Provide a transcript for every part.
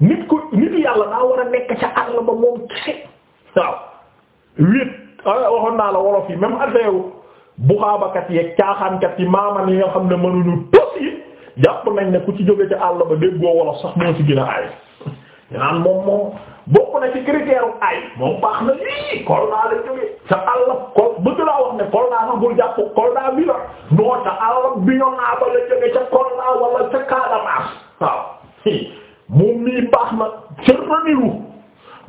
nit ko nit yàlla daa war a nekk ca àll ba moom kese waaw wéet ah, waxoon naa la wolof yi même addeewu buxaabakat yeeg caaxaankat yi maaman yi xam ne mënuñu tos yi jàpp nañ ne ku ci jóge ca àll ba déggoo wolof sax moo ci gën a aay ñu moom moom bokk na ci critère u moom baax na lii Kolda la jóge ca àll ko bëgg laa wax ne Kolda sax bul jàpp Kolda bi la noo ca àll bi ñoo naa la jóge ca Kolda wala ca Casamance waaw moom mii baax na sërmaniwu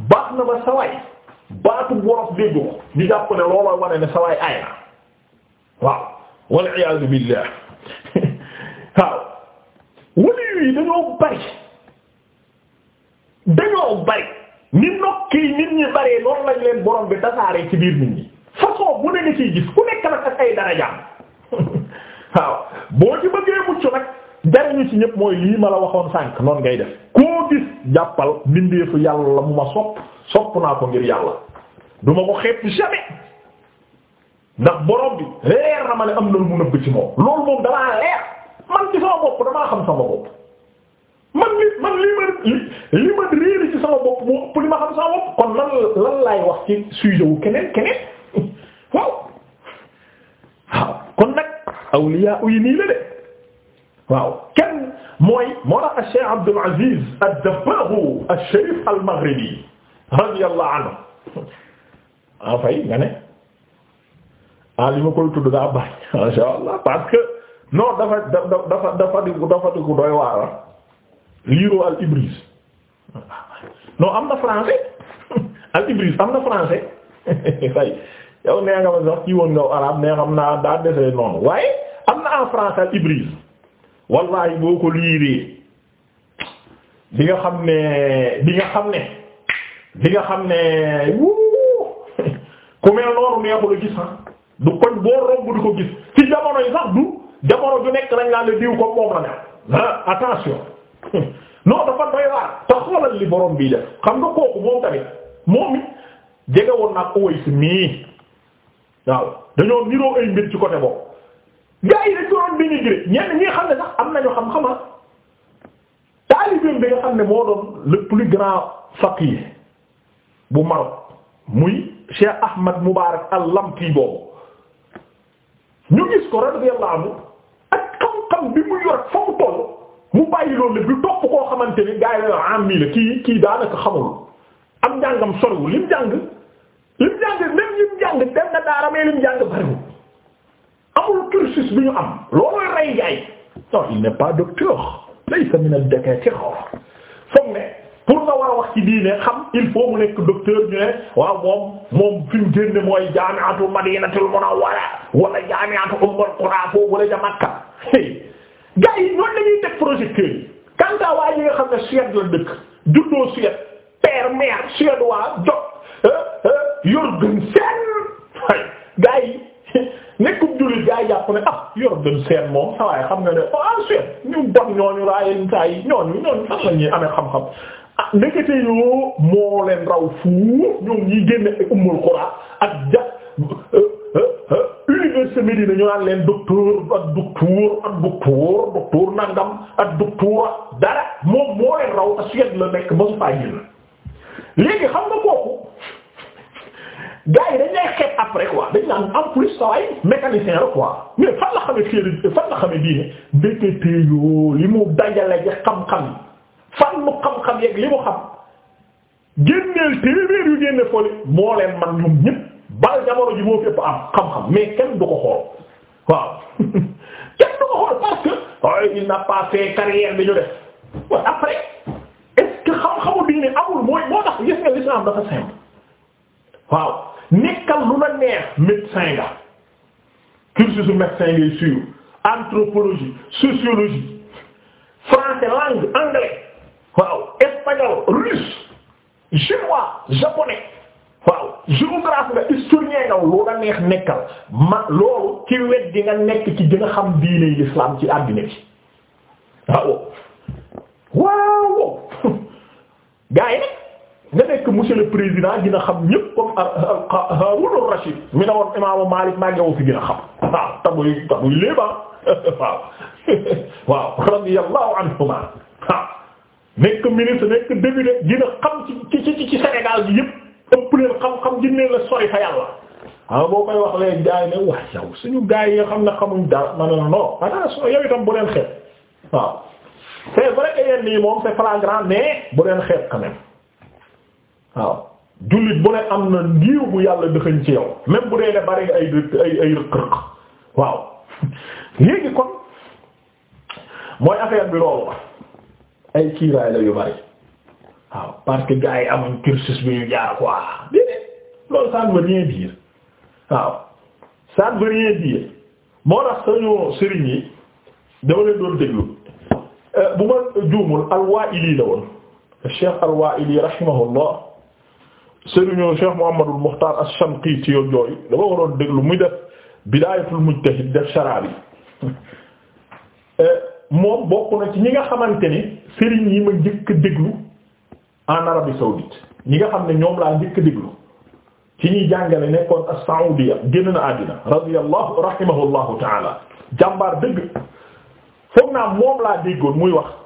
baax na ba sawaay baatu worof dégg ko ñu jàpp ne looloo wane ne sawaay aay waaw wal billah waaw waliyu bari dañoo bari ni nokki nit ñi baree noonu lañ leen bi dasaaree ci biir nit ñi façon bu ne nga ciy gis ku nekk nag ak ay darajaam waaw boo ci bëggee mucc jariñu ci ñëpp mooy lii ma la waxoon sànq noonu ngay def koo gis jàppal bindeefu yàlla mu ma sopp sopp naa ko ngir yàlla du ma ko xeeb jamais ndax borom bi leer na ma ne am na lu mu nëbb ci moom loolu moom damaa leer man ci sama bopp damaa xam sama bopp man li man li ma li ma réer ci sama bopp mu ëpp li ma xam sama bopp kon lan lan laay wax ci sujet wu keneen keneen waaw waaw kon nag awliya yi nii la de waaw kenn mooy moo tax Cheikh Abdul Aziz ad-Dabbagh ash-Sharif al-Maghribi radiyallahu anhu en ah, fait nga ne ah li ma koy tudd daa baax masha Allah parce que non dafa dafa dafa di dafa di doy waar ah. liiroo al Ibriz non am na français al Ibriz am na français fay yow nee nga ma sax ci woon nga arab nee xam naa daa dese noonu waaye am na en français al Ibriz. wallahi boo ko liiree di nga xam ne li nga xam ne di nga xam ne ku mel noonu neexul gis ah du koñ boo romb di ko gis ci jamono yi du jamono ju nekk lañ laa la diw ko moom la ne ah attention non dafa doy waar te xoolal li borom bii xam nga kooku moom tamit moom it jege woon naa ko woy si mii waaw dañoo niroo ay mbir ci côté boobu. gaa yi dañu doon dénigré ñenn ñi xam ne sax am nañu xam-xama ah. taalibeem bi nga xam ne moo doon le plus grand faqih bu Maroc muy Cheikh Ahmad Moubarak al-Lamti boobu ñu gis ko radiyallahu anhu ak xam-xam bi mu yor fa mu toll mu bàyyi loolu bi topp koo xamante ni gaa yi la am mii la kii kii daanaka xamul am njàngam soriwul lim jàng lim jàng même lim jàng dem daara mais lim jàng bariwul amul cursus bi ñu am loolooy rey jaay non il n'est pas docteur laysa min al-dakatir foog ne pour nga war a wax ci diine xam il faut mu nekk docteur ñu ne waaw moom moom fi mu génne mooy jaami'atu madinatul munawwara wala jaami'atu ummul qura foofu la ja Makka gars yi noonu la ñuy teg projecteur yi quant à waa nga xam ne Suède la dëkk juddoo Suède père mère suédois jot yor gën seen gars nekkub jullit gaa jàpp ne ah yor dem seen moom sawaay xam nga ne oh, ah seen ñu bon ñooñu raayen saa yi ñooñu ñooñu fan la ñuy amee xam-xam ah ndekete yoo moo leen raw fuuf ñoom ñi génne Ummul Qura ak ja euh, euh, euh, université Médina ñu naan leen docteur ak docteur ak docteur docteur nangam ak docteur dara moom moo leen raw Suède la nekk ba su faa léegi xam nga kooku gars yi dañ lay xeet après quoi dañ naan en plus saway mécanicien la quoi mais fan la xamee fii fan la xamee bii ne ndeketee yoo li mu dajale ji xam-xam fan mu xam-xam yeeg li mu xam génneel téeméer yu génne foli moo leen man ñoom bal jamono ji moo fépp am xam-xam mais kenn du ko xool waaw kenn du ko xool parce que oh il n'a pas fait carrière bi ñu def waaw après est-ce que xam-xamu diine amul mooy moo tax gis nga l'islam dafa simple waaw nekkal lu la neex médecin nga cursus su médecin ngay suivre anthropologie sociologie français langue anglais waaw espagnol russe chinois japonais waaw géographe nga historien nga lu la neex nekkal ma loolu ci wet di nga nekk ci gën a xam diine l'islam ci àddina bi waaw waaw gaa yi nag nga nekk monsieur le président dina xam ñëpp comme Haarun rashid mi na woon imaamu Maalik maa ngi fi gën a xam waaw tabuy tabuy léeba waaw waaw radiyallahu anhuma waaw nekk ministre nekk député dina xam ci ci ci ci Sénégal bi yëpp ëpp leen xam-xam jinnee la sori fa yàlla waaw boo koy wax leen gaay ne waa yow suñu gaay yi xam ne xamuñ dara ma ne la non attention yow itam bu leen waaw c'est vrai que yenn yi moom c'est flagrant mais bu leen xeeb quand waaw jullit bu ne am na ngiiw yàlla dëxëñ ci yow même bu dee ne bari ay ay ay rëq-rëq waaw léegi kon mooy affaire bi loolu la ay kiiraay la yu bari waaw parce que gars yi amuñ cursus bi ñu jaar quoi déedéet loolu ça ne veut waaw ça ne veut rien dire moo tax sëriñ yi dama leen doon déglu euh, bu ma juumul al-Wa'ili la woon Cheikh al-Wa'ili rahimahullah sëriñoo Cheikh Muhammadul Muxtaar Ash-Shanqiiti yoo yooyu dafa waroon déglu muy def Bidaayatul Mujtahid def Sharaab yi eh, moom bokk na ci ñi nga xamante ni sëriñ yi ma njëkk déglu en Arabie saoudite ñi nga xam ne ñoom laa njëkk déglu ci ñuy jàngale nekkoon as-Saoudiya génn na àddina radiyallahu rahimahullahu taala jàmbaar dëgg foog naa moom laa déggoon muy wax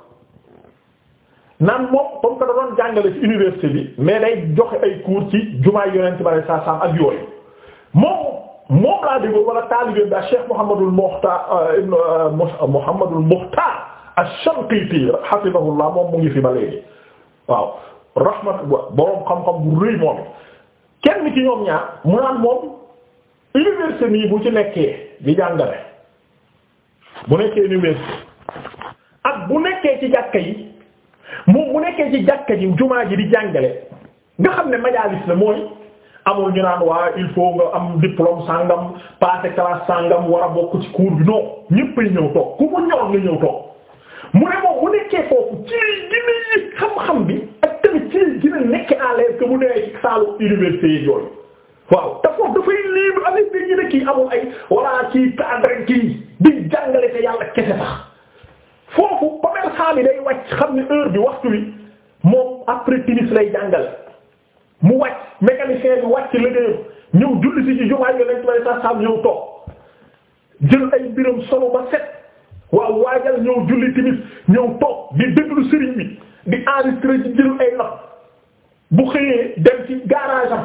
naan moom comme que da doon jàngale ci université bi mais day joxe ay cours ci jumaay yonent bi sallallahu alayhi wasallam ak yooyu moom moom laa déggoo wala taalibe bi Cheikh Mouhamadul Mokhtar euh, ibn euh, fi ba xam bu rëy moom kenn ci ñoom bu ci nekkee di jàngale bu ak bu nekkee ci jàkka yi. moom mu nekkee ci jàkka ji jumaa ji di jàngale nga xam ne majaalis na mooy amul ñu naan waa il faut nga am diplôme sàngam passé classe sàngam war a bokk ci cours bi non ñëppay ñëw toog ku mu ñor nga ñëw toog mu ne moom mu nekkee foofu ci gina yi xam-xam bi ak tamit ci gina nekk à l'aise que mu nee saalu université yooyu waaw te foofu dafay libre avec des ñi ne kii amul ay walla ci cadre kii di jàngale te yàlla kese sax foofu commerçant bi day wàcc xam ne heure bi waxtu bi moom après timis lay jàngal mu wàcc mécanicien bi wàcc liggéeyam ñëw julli si ci jumaay yonent lay sa sam ñëw toog jël ay mbiram solo ba set waaw waajal ñëw julli timis ñëw toog di déglu sëriñ bi di enregistré ci jël ay nopp bu xëyee dem ci garage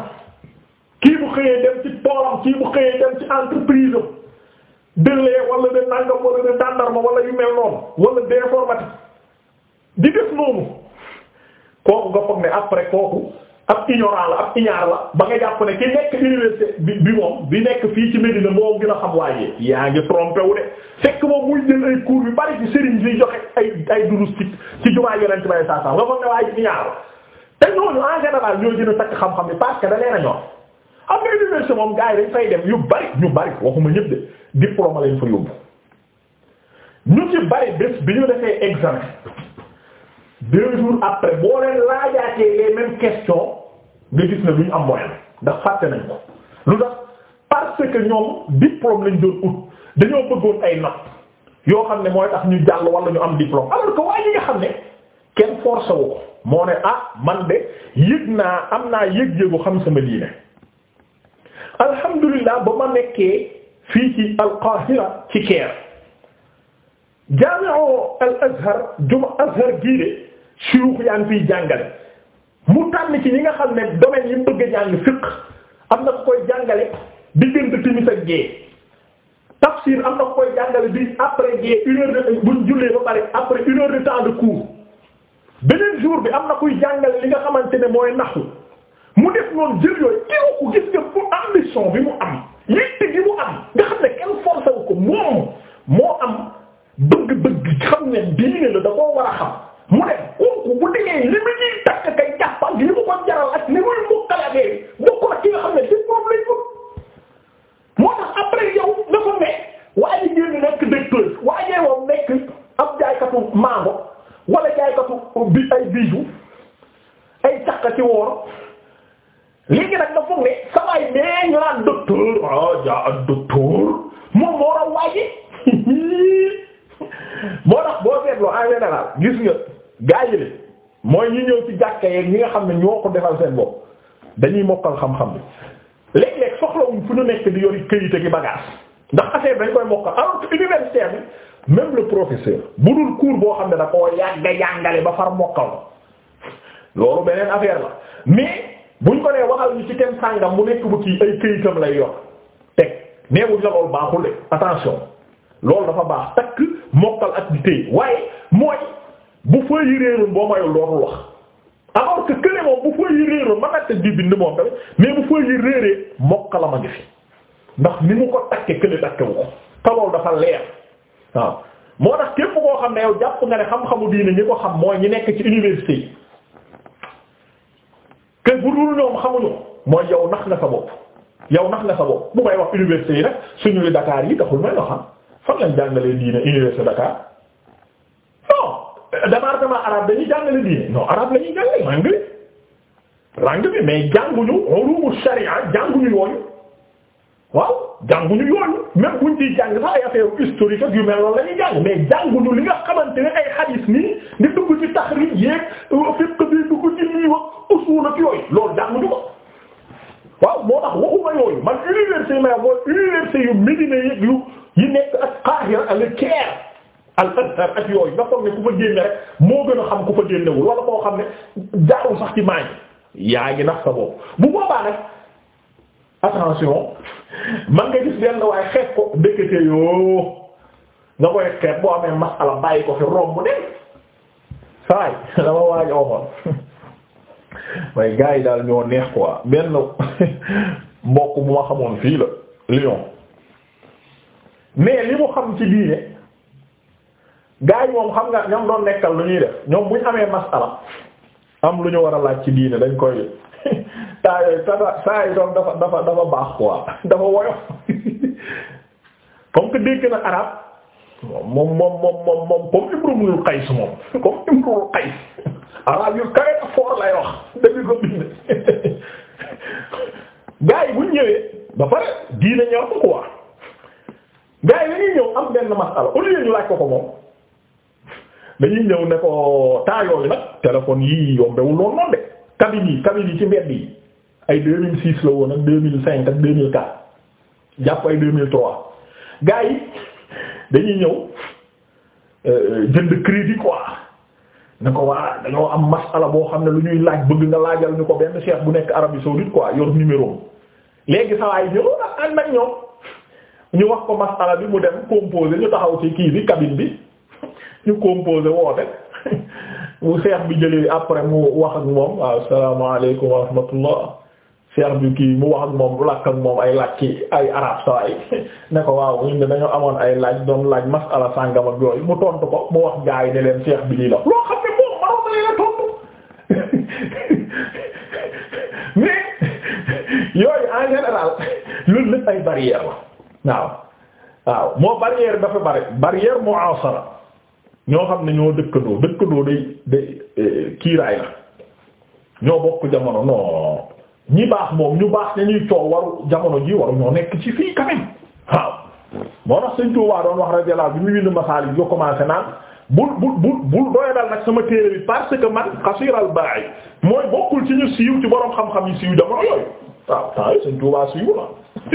kii bu xëyee dem ci toolam kii bu xëyee dem ci entreprise de lee wala de nangam wala de tàndarma wala yu mel noonu wala d'informatique di def noonu kooku nga foog ne après kooku ab ignorant la ab ignaar la ba nga jàpp ne ki nekk université bi bi moom bi nekk fii ci Medina moo gën a xam waaye yaa ngi trompé wu de fekk moom muy jël ay cours yu bari ci sëriñ bi joxe ay ay durus ci ci jumaa yonent bi saa saa nga foog ne waaye ignaar la te ñooñu en général ñoo gën a takk xam-xam bi parce que da leen a ñor am nga université moom gars yi dañ fay dem yu bari ñu bari waxuma ñëpp de. diplôme lañ fa yóbbu ñu ci bari bés bi ñu defee examen deux jours après boo leen laajaatee les mêmes questions nga gis ne lu ñu am moyen ndax fàtte nañ ko lu tax parce que ñoom diplôme lañ doon ut dañoo bëggoon ay notes yoo xam ne mooy tax ñu jàll wala ñu am diplôme alors que waa ñi nga xam ne kenn forcé ko moo ne ah man de yëg naa am naa yëg-yëgu xam sama diine alhamdulilah ba ma nekkee fii ci al-Qahira ci Caire jaami'u al-Azhar juma Azhar gii de shuyuux yaa fiy jàngale mu tànn ci ñi nga xam ne domaine yi mu bëgg a jàng am na ku koy jàngale diggante timis ak gée tafsir am na ku koy jàngale bi après gée une heure de buñ jullee ba pare après une heure de temps de cours beneen jour bi am na koy jàngale li nga xamante ne mooy naxu mu def noonu jël yooyu képp ku gis nga bu ambition bi mu am. yitte gi mu am nga xam ne kenn forcé wu ko moom moo am bëgg-bëgg xam ne diine la da war a xam mu ne kooku bu déggee li mu ñuy takk kay jàpp ak mu ko jaral ak li muy mukkal ak yooyu bokkul ak xam ne ci moom lañ ko. moo tax après yow nga ko ne waa ji génn nekk docteur waa jee moom nekk ab jaaykatu mango wala jaaykatu bi ay bijou ay takk ci woor. léegi nag nga foog ne sama yi nee ñu naan ah jaa ak docteur moom moo doon waaji moo tax boo seetloo en général gis nga gaa yi mooy ñi ñëw ci jàkka yeeg ñi nga xam ne ñoo ko defal seen bopp dañuy mokkal xam-xam bi léeg-léeg soxlawuñ fu ñu nekk di yori këyit ak bagage ndax affaire dañ koy mokkal alors que universitaire bi même le bu dul cours boo xam ne da koo a yàngale ba far mokkal loolu beneen affaire la mais. bu ñu ko nee waxal ñu ci kenn sàngam mu nekk bu kii ay këyitam lay yor teg neewuñ la loolu baaxul de attention loolu dafa baax takk mokkal ak di téy waaye mooy bu fëy yi réeroon boo mayul loolu wax alors que moom bu fëy yi réeroon ma natta ji bind moom tamit mais bu fëy yi réeree mokkala ma ngi fi ndax ni mu ko takke kële takke ko te dafa leer waaw moo tax képp koo xam ne yow jàpp nga ne xam-xamu diine ñi ko xam mooy ñu nekk ci université yi te bu dul ñoom xamuñu mooy yow nax sa bopp yow nax sa bopp bu may wax université yi nag suñuy Dakar yi taxul may wax ah. fan lañ jàngalee diine université Dakar non département arabe dañuy jàngale diine non arabe la ñuy jàngale langue bi langue bi mais jànguñu ulumu sharia jànguñu yooyu. waaw jànguñu yooyu même buñ ciy jàng sax ay affaire historique ak yu mel noonu la ñuy jàng mais jànguñu li nga xamante ne ay hadith nii di dugg ci taxrij yeeg euh, fiqh bi dugg ci lii wax usul ak yooyu loolu jànguñu ko waaw moo tax waxuma yooyu man université yi yu nekk ak Qahira ak Caire al Azhar ak yooyu nga foog ne ku fa génne rek moo gën a xam ku fa génnewul wala koo xam ne jaarul sax ci maañ yaa ngi nax bu boobaa attention man nga gis benn waaye xeet ko dëkkate yoo nga koy xeet boo amee masala bàyyi ko fi romb de saay dama waaj waxoon waaye gars yi daal ñoo neex quoi benn mbokk bu ma xamoon fii la Lyon mais li mu xam ci diine gars yi xam nga ñoom doon nekkal lu ñuy def ñoom bu ñu amee masala am lu ñu war a laaj ci diine dañ koy saa yooyu saa yooyu doom dafa dafa dafa baax quoi dafa woyof comme que dégg na arab moom moom moom moom moom comme Imrul Qays moom comme Imrul Qays arab yu kawe na foor lay wax dégg ko bind gaa yi bu ñëwee ba pare diina ñor ko quoi gaa yi dañuy ñëw am benn masala au lieu ñu laaj ko ko moom dañuy ñëw ne ko temps yooyu nag téléphone yii yombewul noonu noonu de cabine yi cabine yi ci mbedd yi ay 2006 la woon ak 2005 ak 2004 jàpp ay 2003 gars yi dañuy ñëw euh, jënd crédit quoi ne ko waa dañoo am masala boo xam ne lu ñuy laaj bëgg nga laajal ñu ko benn cheikh bu nekk Arabie saoudite quoi yor numéro léegi saa ñëw ak ànd ak ñoom ñu wax ko masala bi mu dem composé ñu taxaw ci kii bi cabine bi ñu composé woote mu cheikh bi jëlee après mu wax ak moom waaw salaamaaleykum wa rahmatullah seex bi kii mu wax ak moom lakk ak moom ay lakki ay arab sa ne ko waaw ñun de dañoo amoon ay laaj doon laaj masala sàngam yooyu mu tontu ko mu wax gaa yi leen seex bi lii la loo xam ne moom maro na leen a mais yooyu en loolu lépp ay barrière la waaw waaw moo barrière dafa bari barrière moo asara ñoo xam ne ñoo dëkkandoo dëkkandoo day day eh, kiiraay la ñoo bokk jamono non ñi baax moom ñu baax dañuy coow waru jamono ji waru ñoo nekk ci fii quand même waaw moo tax sëñ Touba doon wax radiyallahu bi mu bind Masaalik sama téere bi parce que man xasiral baay mooy bokkul ci ñu siiw ci boroom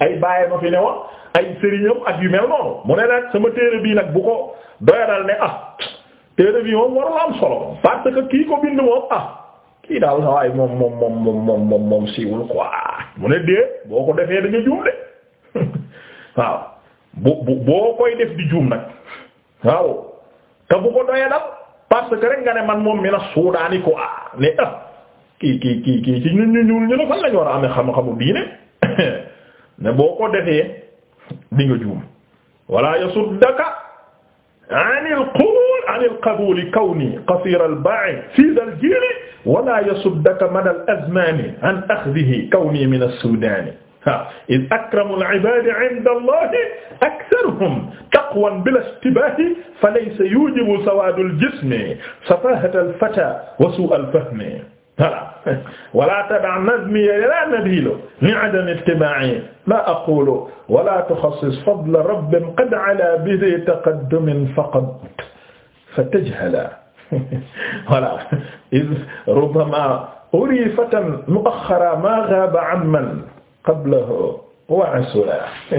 ay bàyyi ma fi ne woon ay sëriñam ak yu mel noonu mu ne nag sama téere bii nag bu ko doya ne ah téere bi moom warul am solo parce kii ko bind moom ah kii daal sa waay moom moom moom moom moom moom moom siiwul quoi mu ne dee boo ko defee da nga juum de waaw bu bu boo koy def di juum nag waaw te bu ko doyee dal parce que rek nga ne man moom mi na suudaani quoi ne ah kii kii kii kii ci ñun ñu ñuul ñu ne fan lañu war a amee xam-xamu diine ne boo ko defee di nga juum walla yasuddaka anil qubul anil qabuli kawni qasiral ba'i siidal jiili wala yasuddaka madal azmani an axdihi kawni mina suudaani iz akramul ibaadi inda Allahi aksaruhum taqwan bilaa ishtibaahi falaysa yuujibu sawaadul jismi safaahatal fataa wa suu'al fahmi voilà wala tadaa nazmiya ila nabilo liadam ittibai la aqulu wala tuxassis fadla rabbin qad ala bihi taqaddumin faqad fatajhala voilà iz rubbama urifatan muaxara ma gaaba amman qablahu wa asula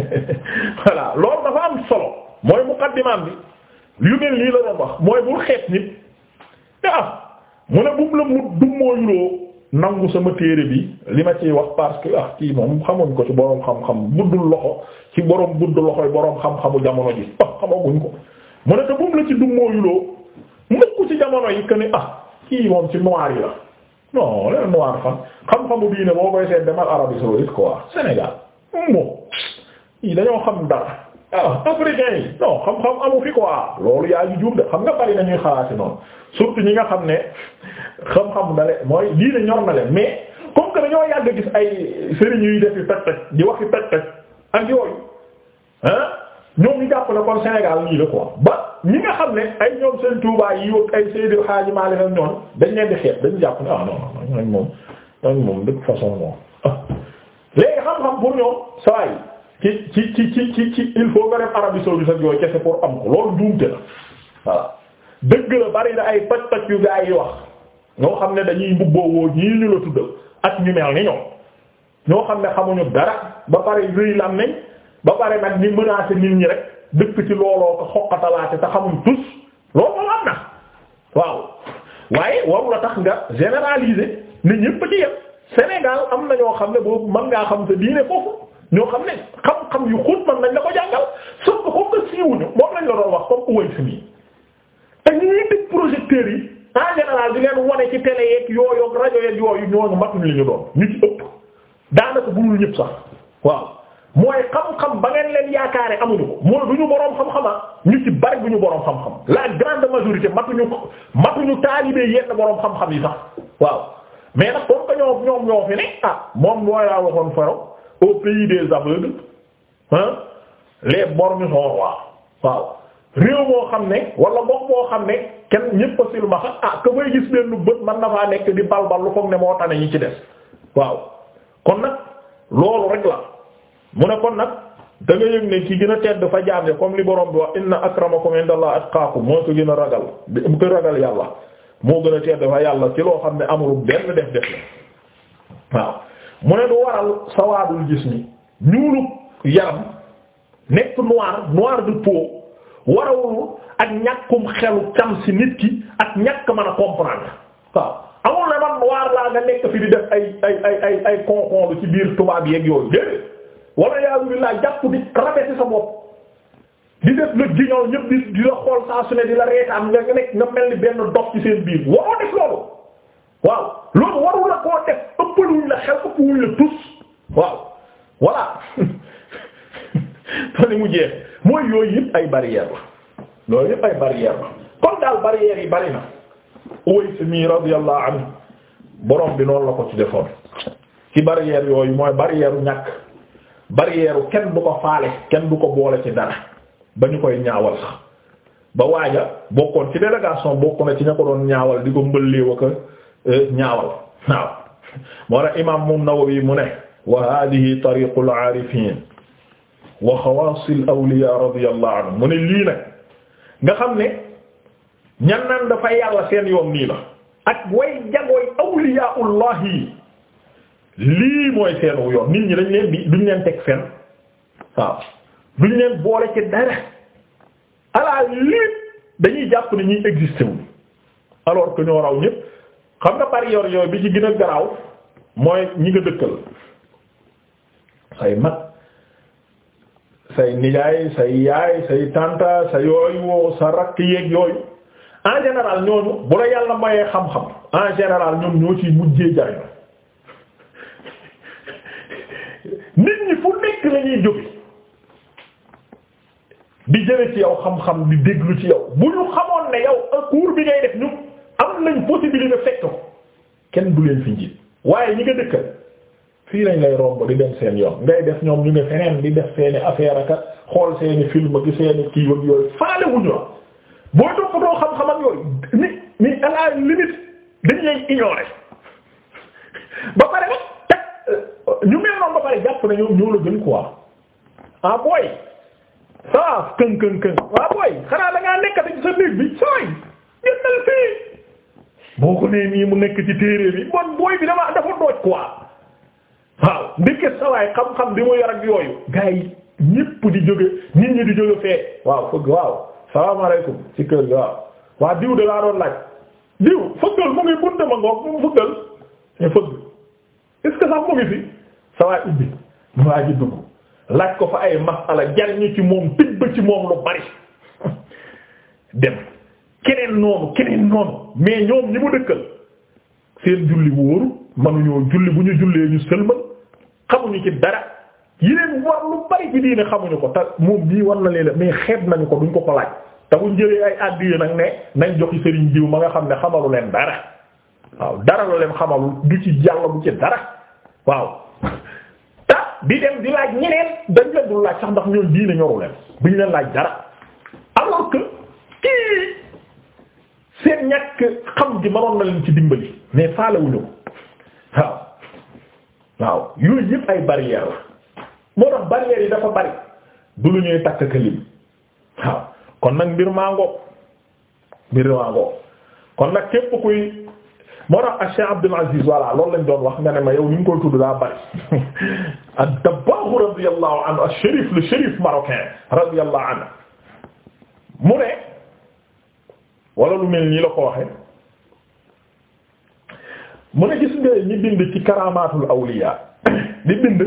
voilà loolu dafa am solo mooy muqaddimaam bi yu mel nii la doon wax mooy bul xeet nit ah mu ne bu mu la mu dummóoyuloo nangu sama téere bi li ma ciy wax parce que ah kii moom xamuñ ko ci boroom xam-xam buddul loxo ci boroom loxo yi boroom xam-xamu jamono ji ah xamaguñ ko mu ne te bu mu la ci dummóoyuloo mukk ci jamono yi que ni ah kii moom ci noir yi la non leen noir xam-xamu diine boo koy seet demal Arabie saoudite quoi Sénégal moom yi dañoo xam dara ah africain yi non xam-xam amu fi quoi loolu yaa ngi de xam nga bari na ñuy xalaati noonu surtout ñi nga xam ne xam-xam dale mooy lii ñor na leen mais comme que dañoo yàgg gis ay sëriñ yuy def yu pecc di wax yu pecc ak yooyu ah ñoom ñu jàpp ne kon Sénégal lii la quoi ba ñi nga xam ne ay ñoom seen Touba yi ak ay Seydou Hadji Malick ak ñoom dañ leen di xeeb dañu jàpp ne ah non non moom ñooñu moom de façon moom léegi xam-xam pour ñoom saa ci ci ci ci ci il faut nga def Arabie saoudite ak yooyu kese pour am ko loolu duumte la dëgg bari na ay pàcc-pàcc ñoo xam ne dañuy mbubboo woo ñii ñu la tuddal ak ñu mel ni ñoom ñoo xam ne xamuñu dara ba pare rëy lam ba pare nag ñu menacer nit ñi rek dëkk ci looloo ko xoqatalaate te xamuñ tus loolu moom am na waaw waaye waru la tax nga généraliser ne ñépp ci yépp Sénégal am na ñoo xam ne boobu man ngaa xam sa diine foofu ñoo xam ne xam-xam yu xóot man nañ la ko jàngal sauf que comme que siiwuñu moom lañ la doon wax comme Uwais mi te ñuy teg projecteurs yi en général di leen wone ci télé yeeg yooyu ak rajo yeeg yooyu ñooñu matuñ li ñu doon ñu ci ëpp daanaka bunul ñëpp sax waaw mooy xam-xam ba ngeen leen yaakaare amuñu ko mooy du ñu boroom xam-xama ah ñu ci bari bu ñu boroom xam-xam la grande majorité matuñu matuñu taalibee yenn boroom xam-xam yi sax waaw mais nag comme que ñoom ñoom ñoo fi ne ah moom mooy laa waxoon faro au pays des aveugles hein les borgnes sont waaw réew moo xam ne wala gox moo xam ne kenn ñépp a silmaxa ah ka fay gis benn bët man na faa nekk di balbal lu foog ne moo tane ñi ci des waaw kon nag loolu rek la mu ne kon nag da nga yëg ne ki gën a tedd fa jaam comme li borom bi wax inna akramakum indallahi atqaakum moo ko gën a ragal mu ko ragal yàlla moo gën a tedd fa yàlla ci loo xam ne amul benn def def la waaw mu ne du waral sawaadul jismi ñuulug yaram nekk noir noir de peau warawul ak ñàkkum xelu cam si nit ki ak ñàkk mën a comprendre waaw amul na man waar laa nga nekk fi di def ay ay ay ay ay ci biir tubaab yeeg yooyu déedéet wala yasubilaa jàpp di rabeti sa bopp di def le guignol ñëpp di di la xool saa su ne di la reetaan nga nekk nga mel ni benn dox ci seen biir waroo def loolu waaw loolu warul la koo def ëppaluñ la xel ëpp wuñ la tus waaw voilà te li mu jeex mooy yooyu yëpp ay barrière la loolu yëpp ay barrière la kon daal barrière yi bari na Uways mi radiyallahu borom bi noonu la ko ci defoon ci barrière yooyu mooy barrière ñàkk barrière kenn du ko faale kenn bu ko boole ci dara ba ñu koy ñaawal sax ba waaja bokkoon ci délégation bokk na ci ña ko doon ñaawal di ko mbëlleew ak eh, ñaawal waaw moo tax imaam moom Nawawi mu ne wa hadihi tariqul arifin wa xawaasil awliyaa radiyallahu anhu mu ne lii nag nga xam ne ñan naan dafa yàlla seen yoon nii la ak way jagooy awliyaa'ullahi yi lii mooy seenu yoon nit ñi dañ leen bi duñ leen teg fen waaw duñ leen boole ci dara ala lii dañuy jàpp ne ñuy existé wu alors que ñoo raw ñëpp xam nga bari yooyu bi ci gën garaaw mooy ñi nga dëkkal say mag say nijaay say yaay say tanta sa yooyu sa rakk yeeg yooyu en général ñooñu bu la yàlla mayee xam-xam en général ñoom ñoo ciy mujjee jariñ nit ñi fu nekk lañuy jóge di jële ci yow xam-xam di déglu ci yow bu ñu xamoon ne yow ak cours bi ngay def ñu am nañ possibilité fekk ko kenn du leen fi njiit waaye ñi nga dëkkal fii lañ lay romb di dem seen yoon ngay def ñoom ñu ngi feneen di def seeni affaire ak xool seeni film ak seeni kii ak yooyu faale wuñu la boo toppatoo xam-xam ak yooyu ni ni à la limite dañ lay ignorer ba pare nag teg euh, ñu mel noonu ba pare jàpp na ñoom ñoo la gën quoi ah booy saa këŋ këŋ këŋ ah booy xanaa da ngaa nekkati ci sa néeg bi saa yi gënal fii boo ko nee nii mu nekk ci téere bi bon booy bi dama dafa dooj quoi. waaw ndeke sawaay xam-xam bi mu yor ak yooyu gars ñépp di jóge nit ñi di jóge fee waaw fëgg waaw salaamaaleykum ci kër gi waaw waa diw de laa doon laaj diw fëggal mu ngi bunte ma ngoog mu fëggal ñu fëgg est sax mu ngi fi sawaay ubbi mu waa ji laaj ko fa ay masala jariñu ci moom tibb ci moom lu bari dem keneen noonu keneen noonu mais ñoom ñi mu dëkkal seen julli wóoru manuñoo julli bu ñu jullee ñu sëlmal xamuñu ci dara yéen war lu bari ci diine xamuñu ko te moom bii war na leen mais xeet nañu ko duñ ko ko laaj te buñ jëlee ay addiya nag ne nañ joxi sëriñ diw ma nga xam ne xamalu leen dara waaw dara la leen xamalu du ci jàll bu ci dara waaw te di dem di laaj ñeneen dañ leen dul laaj sax ndax ñoom diine ñoru leen buñ leen laaj dara alors que kii seen ñàkk xam gi mënoon na leen ci dimbali mais faalewuñu ko waaw. waaw yooyu yëpp ay barrière la moo tax barrières yi dafa bari du lu ñuy takk këlim waaw kon nag mbir mango mbir mango kon nag képp kuy moo tax ak Cheikh Abdul Aziz voilà loolu lañ doon wax nga ne ma yow ni koy tudd daa bari ad-Dabbagh radiyallahu anhu ash-Sharif le Sharif marocain radiyallahu anhu mu ne wala lu mel nii la ko waxe mu ne gis nga ñi bind ci karamaatul awliya di bind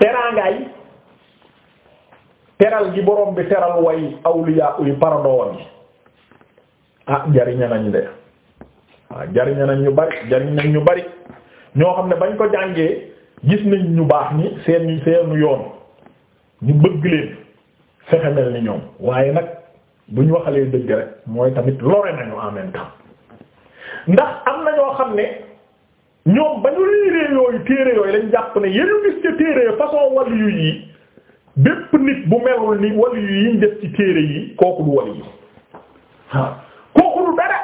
teraangaay teral gi boroom bi teral way awliya uy parandowan ah jariña nañ de ah jariña nañ ñu bari jariñ nañ ñu bari ñoo xam ne bañ ko jàngee gis nañ ñu baax ni seen seenu yoon ñu bëgg leen fexe ni ñoom waaye nag buñ waxalee dëgg rek mooy tamit lore nañu en même ndax am na ñoo xam ne ñoom ba ñu liiree yooyu téere yooyu lañ jàpp ne yéen gis ca téere façon waliyu yi bu melul ni waliyu def ci téere yi kooku du waliyu waaw kooku du dara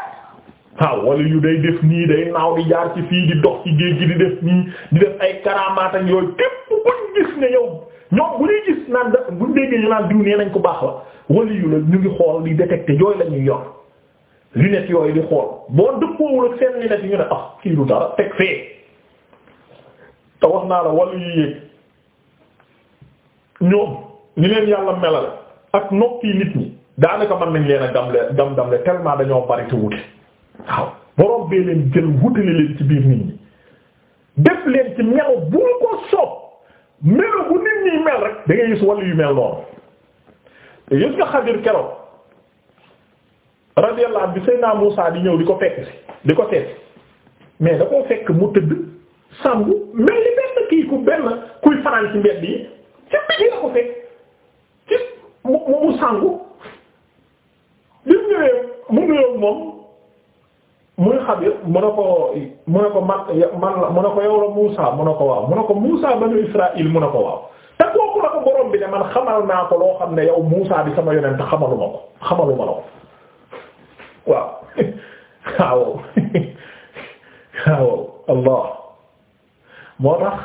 waaw waliyu day def nii day naaw di jaar ci fii di dox ci géej gi di def nii di def ay karaamaat ak yooyu képp kuñ gis ne yow ñoom bu ñuy gis naan da buñ déggee naan diw nee nañ ko baax la waliyu la ñu ngi xool di détecter yooyu la ñuy lunette yooyu di xool boo dëppoowul ak seen lunette yi ñu ne ah kii lu dara teg fee te wax naa la wàllu yu yéeg ñoom ni leen yàlla melale ak noppi nit ñi daanaka mën nañ leen a gamle gam gamle tellement dañoo bari te wute waaw borom bee leen jël wutale leen ci biir nit ñi def leen ci melo bu ko soob melo bu nit ñi mel rek da gis wàllu yu mel noonu gis nga Xadir keroog. radiyallahu anhu bi Seydina Muusaa di ñëw di ko fekk si di ko seet mais da koo fekk mu tëdd sangu mel ni benn kii ku benn kuy fanaan ci mbedd yi ci biti la ko fekk ci mu mu sangu bi mu ñëwee mu nuyoo moom muy Xabiir mu a ko mu ne ko man man la mu ne ko yow la Muusaa mu ne ko waaw mu ne ko Muusaa banu Israaïl mu ne ko waaw te kooku la ko borom bi ne man xamal naa ko loo xam ne yow Muusaa bi sama yonent xamaluma ko xamaluma la ko waaw allah moo tax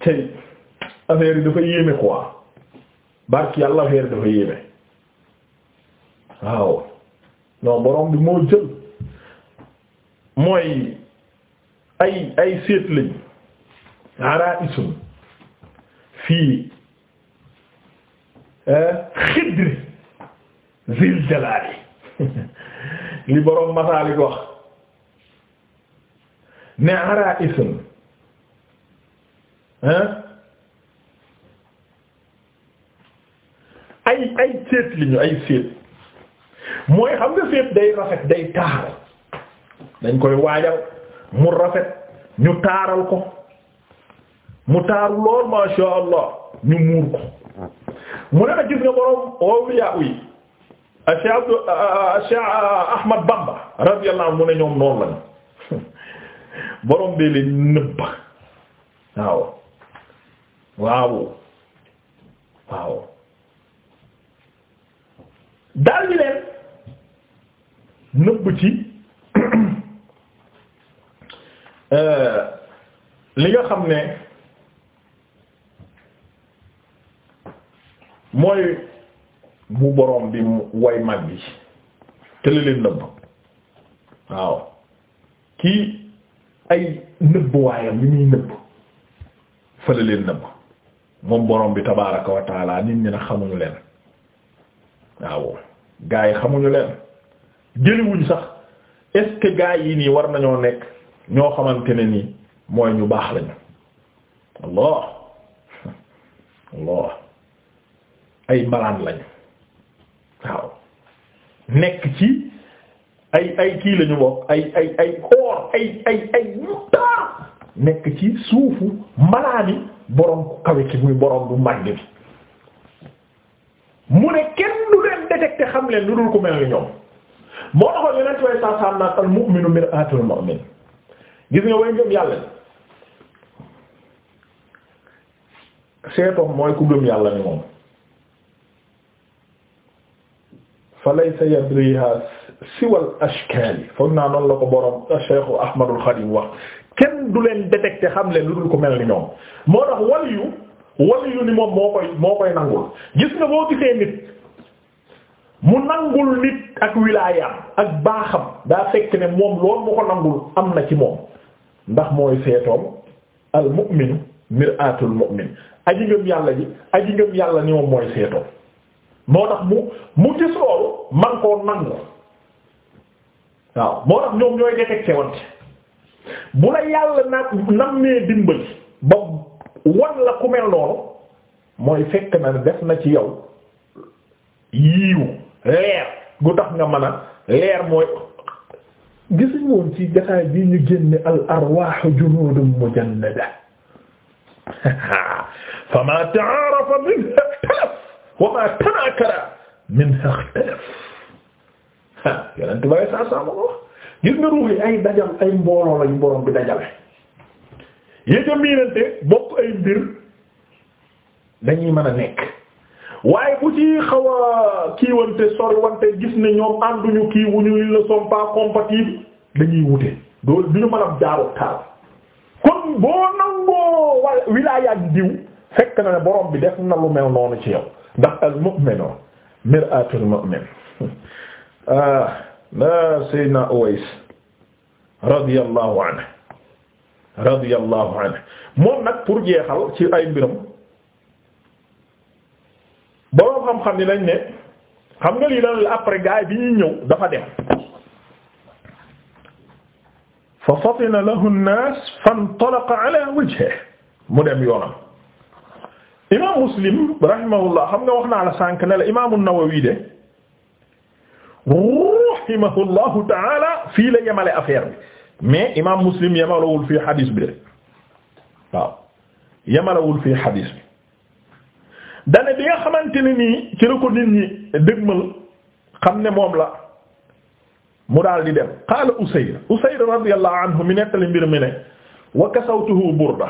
tey affaire yi dafa yéeme quoi barki yàlla affaire yi dafa yéeme waaw non borom bi moo jël mooy ay ay seet lañ ara isum fii eh? xidri zil jalali li boroom masaalik wax ne ara isun ay ay séet li ñu ay séet mooy xam nga séet day rafet day taaral dañ koy waajal mu rafet ñu taaral ko mu taaru lool ma sha Allah ñu muur ko mu ne na gis nga boroom awliya yi Cheikh Abdou euh, euh, euh, Ahmad Bamba radiyallahu anhu mu ne ñoom noonu borom bi leen nëbb waaw waaw waaw daal di nëbb ci li nga xam ne mooy bu boroom bi way mag bi te leen nëbb waaw kii ay nëbb waayam li muy nëbb fa leen nëbb moom boroom bi tabaaraka wa nit ñi na xamuñu leen waaw gaa yi xamuñu leen jëliwuñ sax est gaa yi nii war nañoo nekk ñoo xamante ne nii mooy ñu baax lañu allah allah ay mbalaan lañu waaw nekk ci ay ay kii lañu bokk ay ay ay or ay ay ay nekk ci suufu malaani borom ku kawe ki muy borom bu màgg bi mu ne kenn du leen détecté xam leen lu dul ku mel ni ñoom moo taxoon yeneen ci way sa sam naan al mu'minu mir'atul mu'min gis nga way ngëm yàlla ni seetoom mooy ku gëm yàlla ni moom fa laysa yadriha siwal ashkaal foog naa noonu la ko borom Cheikh Ahmadul Xadim wax kenn du leen détecté xam leen lu dul ko mel ni ñoom moo tax waliyu waliyu ni moom moo koy moo koy nangul gis nga boo gisee nit mu nangul nit ak wilaayaam ak baaxam daa fekk ne moom loolu mu ko nangul am na ci moom ndax mooy seetoom al mu'minu mir'atul mu'min aji yàlla ji aji ngëm yàlla ni moom mooy seetoom moo tax mu mu gis loolu man koo nangu waaw moo tax ñoom ñooy détecté wante bu la yàlla nag nam nee dimbali ba wan la ku mel noonu mooy fekk na def na ci yow yiiw leer gu tax nga mën a leer mooy gisuñ ci gataay bi ñu génne al arwaaxu junuudum mujannada fa ma ta'arafa minha wa ma ay saa saa ma ko gis nga ruux yi bokk ay mbir dañuy mën a nekk waaye bu gis ne ñoom ànduñu kii wu ñu ne kon boo nangoo wala wilaaya diw fekk na ne borom bi def na lu mel noonu ci yow. ndax al mu'minu mir'atul mu'min la ah, sayyidina Uways radiyallahu anhu radiyallahu anhu moom nag pour jeexal ci ay mbiram boroom xam-xam ni lañ ne xam nga lii lan la après gaay bi ñuy ñëw dafa dem fa fatina lahu an-nas fantalaqa ala wajhihi mu dem yoonam imaam muslim rahimahullah xam nga wax naa la sànq ne la imaamu Nawawi de rahimahullahu taala fii la yemale affaire bi mais imaam muslim yemalewul fii xadis bi de waaw yemalewul fii xadis bi. dane bi nga xamante ne nii ci la ko nit ñi dëgmal xam ne moom la mu daal di dem qaala Usayr Usayr radiyallahu anhu mi nettali mbir mi ne wa kasawtuhu burda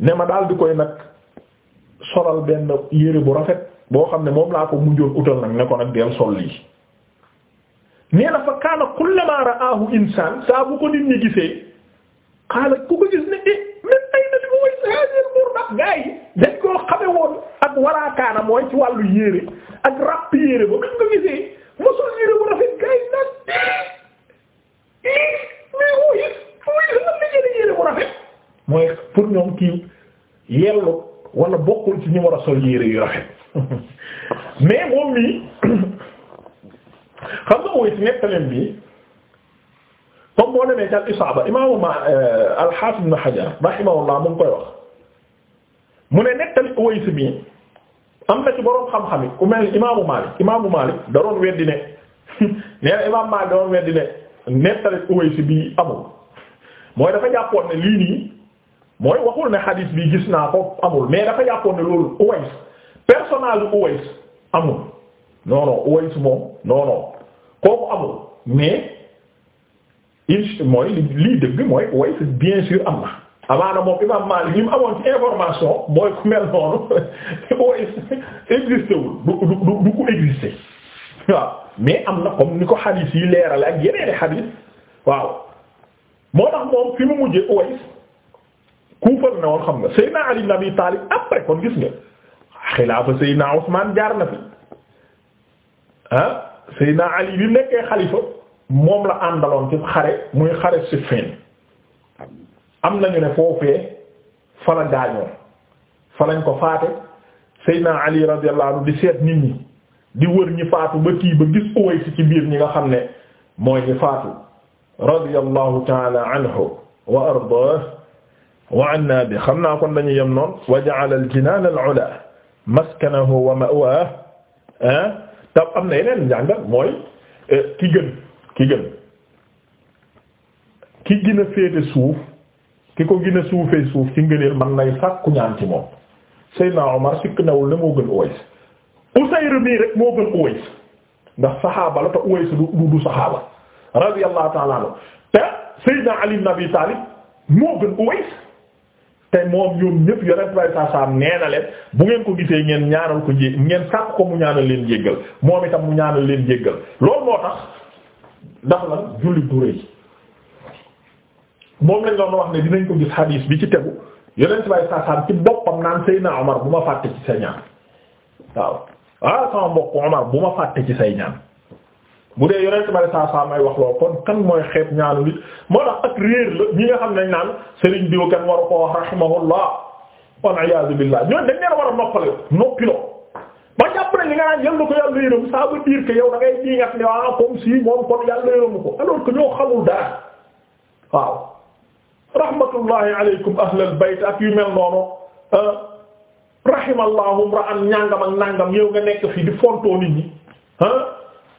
ne ma daal di koy nag. solal benn yére bu rafet boo xam ne moom laa ko mujjoon utal nag ne ko nag del sol lii nee na fa kaana kullama ra'ahu insaan saa bu ko nit ñi gisee xaala ku ko gis ne eh min ayna li mooy haazihil burda gaa yi dañ koo xame woon ak waraakaana mooy ci wàllu yére ak ràpp yére ba buñ ko gisee mosul yére bu rafet gaa yi nag eh, eh, mais woo it woo it lan la jëlee yére bu rafet mooy pour ñoom kii yellu wala bokkul ci ñi war a sol yére yu rafet mais moom mii xam nga mooy nettaleen bi comme boo demee ci isaaba imaamu ma euh, al-Hafiz Ibn mu ne nettali am na ci boroom xam-xam yi ku mel imaamu Maalik imaamu Maalik da weddi ne nee na imaamu Maalik da weddi ne nettali Uways bi amul mooy dafa jàppoon ne lii nii mooy waxul ne xadis bi gis naa ko amul mais dafa yàppoon ne loolu Uways personnage Uways amul non non moom non kooku amul mais il mooy lii dëgg mooy Uways bien sûr am na. amaana moom imam Maalik yi mu amoon ci information mooy ku mel noonu Uways wul du du du du ko waaw mais am na comme ni ko xadis yi leerale ak yeneen i xadis waaw moo tax moom fi mu mujjee Uways Kufa la ne woon xam nga Seydina Ali ibn Abi après kon gis nga xilaafa Seydina Ousmane jaar na fi ah Ali bi nekkee xalifa moom la àndaloon ci xare muy xare Siffin am nañu ne foofee fa gaañoo fa ko faate Seydina Ali radiyallahu anhu di seet nit ñi di wër ñi faatu ba kii ba gis Uways ci biir ñi nga xam ne mooy ñi faatu radiyallahu ta'ala anhu wa ardaah wa anna bi xam naa kon dañu yem noon wa ja'ala al-jinaan al-'ulaa maskanahu wa ma'waahu tam am na yeneen njàngal mooy eh, ki gën ki gën ki gën a suuf ki ko gën a suufee suuf ci ngëneel man nay sàkku ñaan ci moom Seydina Omar sikk nawul ne moo gën Uways Usayr mii rek moo gën saxaaba la te Uways du du saxaaba radiyallahu ta'ala anhu te Seydina Ali ibn Abi Talib moo te moom ñoom ñëpp yonent bay saa saam leen bu ngeen ko gisee ngeen ñaanal ko jé ngeen sàkk ko mu ñaanal leen jéggal moom itam mu ñaanal leen jéggal loolu moo tax ndax lan jullit du rëy moom lañ doon wax ne dinañ ko gis hadis bi ci tegu yonent bay saa saam ci boppam naan Seyna Omar bu ma fàtte ci sa ñaan waaw ah sama mbokk Omar bu ma fàtte ci say ñaan. bu dee yonent bi saa saa may wax loo kon kan mooy xeeb ñaanu nit moo tax ak réer la ñi nga xam ne naan Serigne Diouf kenn waru ko wax rahimahullah war a ko yàlla yërëm ça veut dire que yow ah yàlla yërëm ko alors que ñoo xamul dara waaw. rahmatullahi aleykum ahlal bayt ak yu mel noonu euh, rahimallahu ra'an ñàngam yow nga nekk fii di fontoo nit ñi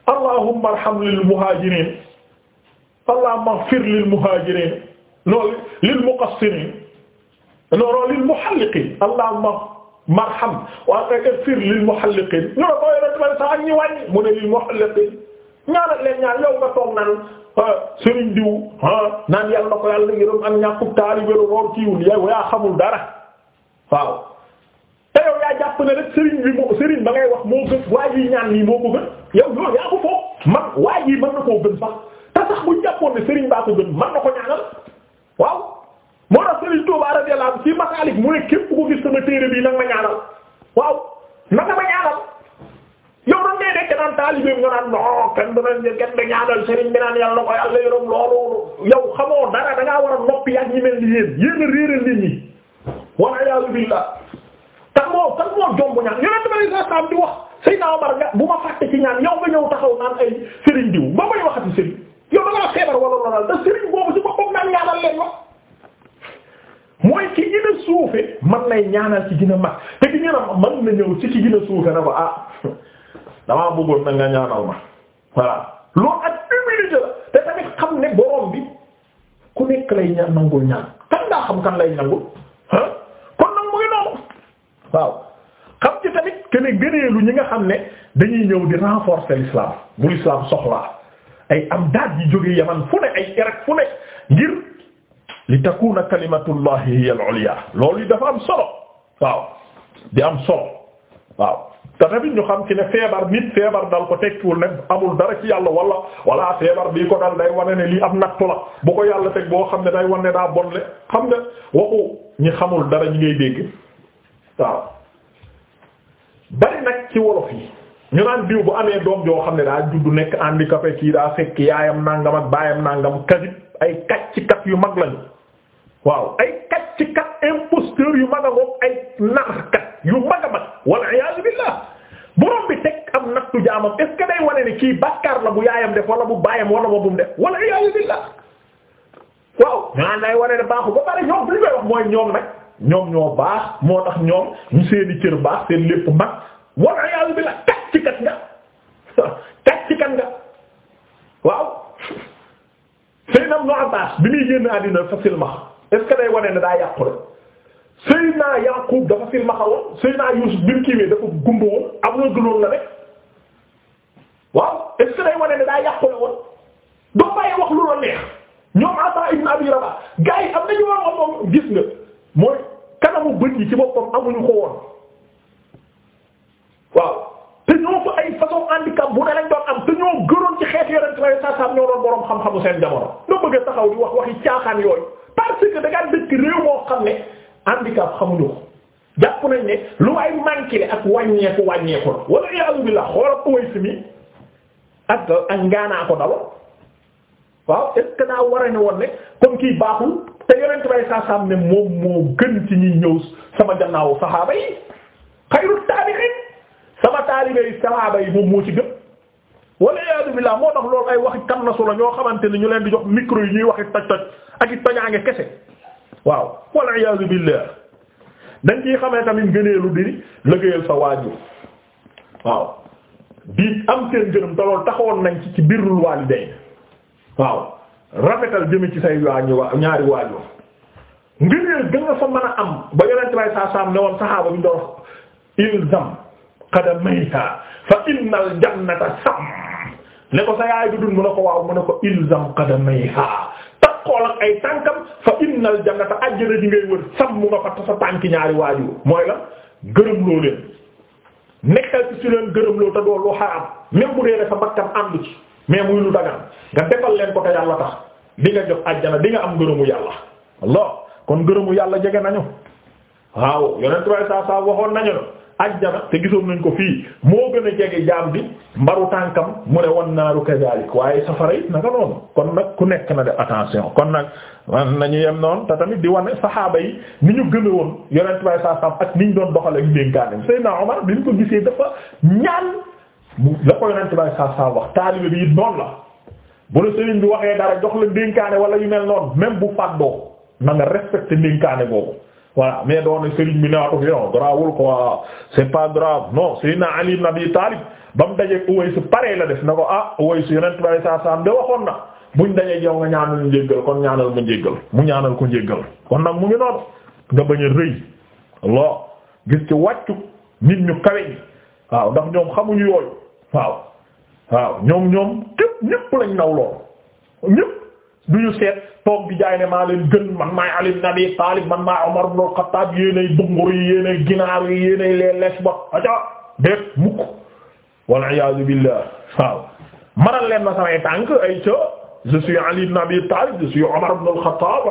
allahumma arham lil muhaajiriin allahumma ighfir lil muhaajiriin noonu lil muqassiriin noonu lil muhalliqiin allahumma marham wa ighfir lil muhalliqiin ñu ne booy rek man sax ak ñi wàññi mu ne lil muhalliqiin ñaanal leen ñaan yow nga toog naan ah, sëriñ diw ah, naan yàlla ko yàlla yërëm ak ñàkkub taalibe lu roor ciwul yow yaa xamul dara waaw. yow yaa jàpp ne rek sëriñ bi moo sëriñ ba ngay wax moo gën waa ji ñaan nii moo ko gën yow loolu yaa ko foofu man waa ji na koo gën sax te sax bu jàppoon ne sëriñ baa ko gën mën na ko ñaanal waaw. moo tax sëriñ Touba radiyallahu anhu ci Masalik mu ne képp ko gis sama téere bii nag ma ñaanal waaw nag ma ñaanal yow dañ lay nekk naan taalibe nga naan non kenn du ne kenn du ñaanal sëriñ bi naan yàlla na ko yàlla yoroon loolu yow xamoo dara da ngaa war a noppi ak ñi mel ni a réeral nit ñi wala yàlla tax moo tax moo jomb ñaan yonent bi sallallahu alayhi wasallam di wax Seydina nga bu ma fàtte ci ñaan yow nga ñëw taxaw naan ay Serigne diw ba may waxati Serigne yow da ngaa feebar wala loolal te Serigne boobu ci boppam naan ñaanal leen wax mooy ki gën a suufe man lay ñaanal ci gën a mag te ki gën a man na ñëw ci ki gën a suufe na ko ah damaa bëggoon na nga ñaanal ma voilà loolu ak humilité la te tamit xam ne borom bi ku nekk lay ñaan nangul ñaan xam kan lay nangul. waaw xam ci tamit que ne gëneelu ñi nga xam ne dañuy ñëw di renforcer l'islam bu l'islam soxlaa ay am daat yi jóge yaman fu ne ay Irak fu ne ngir li takuna kalimatullahi hiya al-ulya loolu dafa am solo waaw di am solo waaw te tamit ñu xam ci ne feebar nit feebar dal ko tegtuwul ne amul dara ci yàlla wala wala feebar bii ko dal day wane ne lii am nattu la bu ko yàlla teg boo xam ne day wane daa bon le xam nga waxu ñi xamul dara ñi ngay dégg waaw bari nag ci wolof yi ñu naan diw bu amee doom joo xam ne daa juddu nekk handicapé kii daa fekk yaayam nangam ak baayam nangam kadib ay kàcc kat yu mag lañu waaw ay kàcc kat imposteur yu mag a ngoog ay nar kat yu mag a mag walla iyaazu billaah borom bi teg am nattu jaamam est day wane ni kii bàkkaar la bu yaayam def wala bu baayam wala bu mu def walla iyaazu billaah waaw ñu naan day ne baaxul ba pare ñoom li koy wax mooy ñoom nag. ñoom ñoo baax moo tax ñoom ñu seeni cër baax seen lépp mag walla yàlla bi la kàccikat nga kàccikat nga waaw Seydina Ibn Abbas bi muy génn àddina dafa silmaxa woon wane ne daa yàqu rek woon doo bàyyi wax lu la neex ñoom Ata ibn Abi Rabah gars yi am nañu woon moom gis nga mooy kanamu bët yi ci boppam amuñu ko woon waaw te ñoo fa ay façon handicap bu ne lañ doon am te ñoo gënoon ci xeet yonent sallallahu alayhi wasallam ñoo doon borom xam-xamu seen jamono. ñoo wax waxi caaxaan yooyu moo xam ne handicap xamuñu ko jàpp nañ ne lu waay manqué ak wàññeeku wàññeeku la wala iyaazu billaah xoolal mi ak ngaanaa ko dal waaw est ce que woon ne comme kii baaxul. te yonent bay saasaam ne moom moo gën ci ñuy ñëw sama gannaawu saxaaba yi xayru taabi'iin sama taalibe yi saxaaba yi moom moo ci gën wala iyaazu billaah moo tax loolu ay waxi kan na ñoo xamante ni ñu leen di jox mikro yi ñuy waxi toj toj ak i tojaange kese waaw wala iyaazu billaah dañ ciy xamee tamit gëneelu di liggéeyal sa waajur waaw di am seen gërëm te loolu taxawoon nañ ci ci birrul waalidayn waaw rafetal jëme ci say waañu wa ñaari waajur ngëneel gën nga fa mën a am ba yonent bay saa saam ne woon saxaaba bi ñu doon ilzam qadamayha fa innal jannata sam ne ko sa yaay du dund mu ne ko waaw mu ne ko ilzam qadamayha takkool ak ay tànkam fa innal jannata àjjana ji ngay wër sam mu nga fa ta sa tànki ñaari waajur mooy la gërëm loo nekkal ci su leen gërëm loo te doo lu xaraam même bu dee sa bakkan àndu ci mais muy lu dagan nga defal leen ko te yàlla tax di nga jox àjjana di nga am ngërëmu yàlla Allah kon ngërëmu yàlla jege nañu waaw yonent way saa saa waxoon nañu ajjana te gisoon nañ ko fii moo gën a jege jaam bi mbaru tànkam mu ne wan naaru kadalik waaye safara it naka noonu kon nag ku nekk na def attention kon nag man nañu yem noonu te tamit di wane saxaaba yi ni ñu gëme woon yonent way saa saa ak ni ñu doon doxale ak ndénkaane Seydina Omar bi ñu ko gisee dafa ñaan la ko yonent bay saa saa wax taalibe bi it noonu la bu la sëriñ bi waxee dara jox la ndénkaane wala yu mel noonu même bu fàddoo na nga respecté ndénkaane boobu voilà mais doon sëriñ bi naatu fi non grawul quoi c'est pas grave non Seydina Ali ibn Abi Talib ba mu dajeeg Uways paree la def na ko ah Uways yonent bay saa saa de waxoon na buñ dajeeg yow nga ñaanal njéggal kon ñaanal mu njéggal mu ñaanal ko njéggal kon nag mu ngi noonu nga bañ a rëy loo waaw waaw ñoom ñoom képp ñépp lañ naw lool ñépp duñu seet toog bi jaay ne maa leen gën man maay Ali ibn Abi Talib man maay Umar ibn al-Khattab yéenay dungur yi yéenay ginaar yi yéenay les les ba aja mukk wal iyaadu billah waaw maral leen ma samay tànk ay ca je suis Ali ibn Abi Talib je suis Omar ibn al-Khattab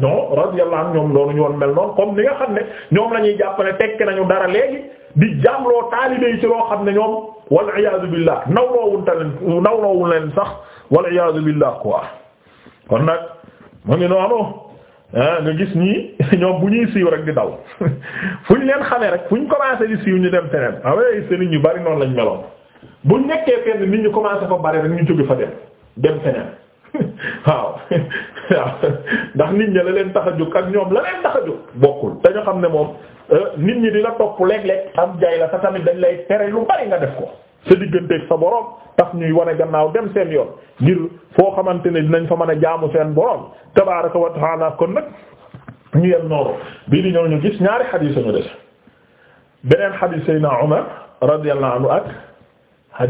non radiyallahu anhu ñoom doonu ñu mel noonu comme ni nga xam ne ñoom la ñuy tekki nañu dara léegi di jaamloo taalibe ci loo xam ne ñoom wal iyaadu billah nawloowul leen nawloowul leen sax wal iyaadu billah quoi kon nag mu ngi noonu ah, nga gis ñii ñoom bu ñuy siiw rek di daw fu ñu leen xamee rek fu ñu commencé di siiw ñu dem feneen awee ah sëriñ ñu bari noon lañ meloon bu nekkee fenn nit ñu commencé fa bari rek ñu jóge fa dem dem feneen waaw waaw ndax nit ñi la leen tax a jóg ak ñoom la leen tax a jóg bokkul dañu xam ne moom Euh, nit ñi di la topp léeg-léeg am jaay la te tamit dañ lay tere lu bari nga def ko sa digganteeg sa borom tax ñuy wane gannaaw dem seen yoon ngir foo xamante ne dinañ fa mën a jaamu seen borom tabaaraka wa ta'aala kon nag ñu yem noonu bii di ñëw ñu gis ñaari xadiis ñu des beneen xadiis Seydina Umar radiyallahu anhu ak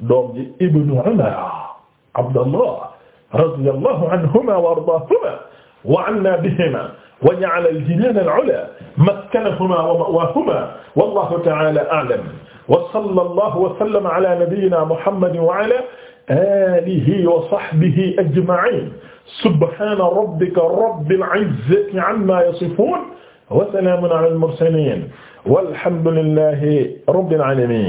doom ji Ibnu Umar Abdallah radiyallahu anhuma wa ardaahuma وعنا بهما وجعل الجنان العلى مسكنهما ومأواهما والله تعالى أعلم وصلى الله وسلم على نبينا محمد وعلى آله وصحبه أجمعين سبحان ربك رب العزة عما يصفون وسلام على المرسلين والحمد لله رب العالمين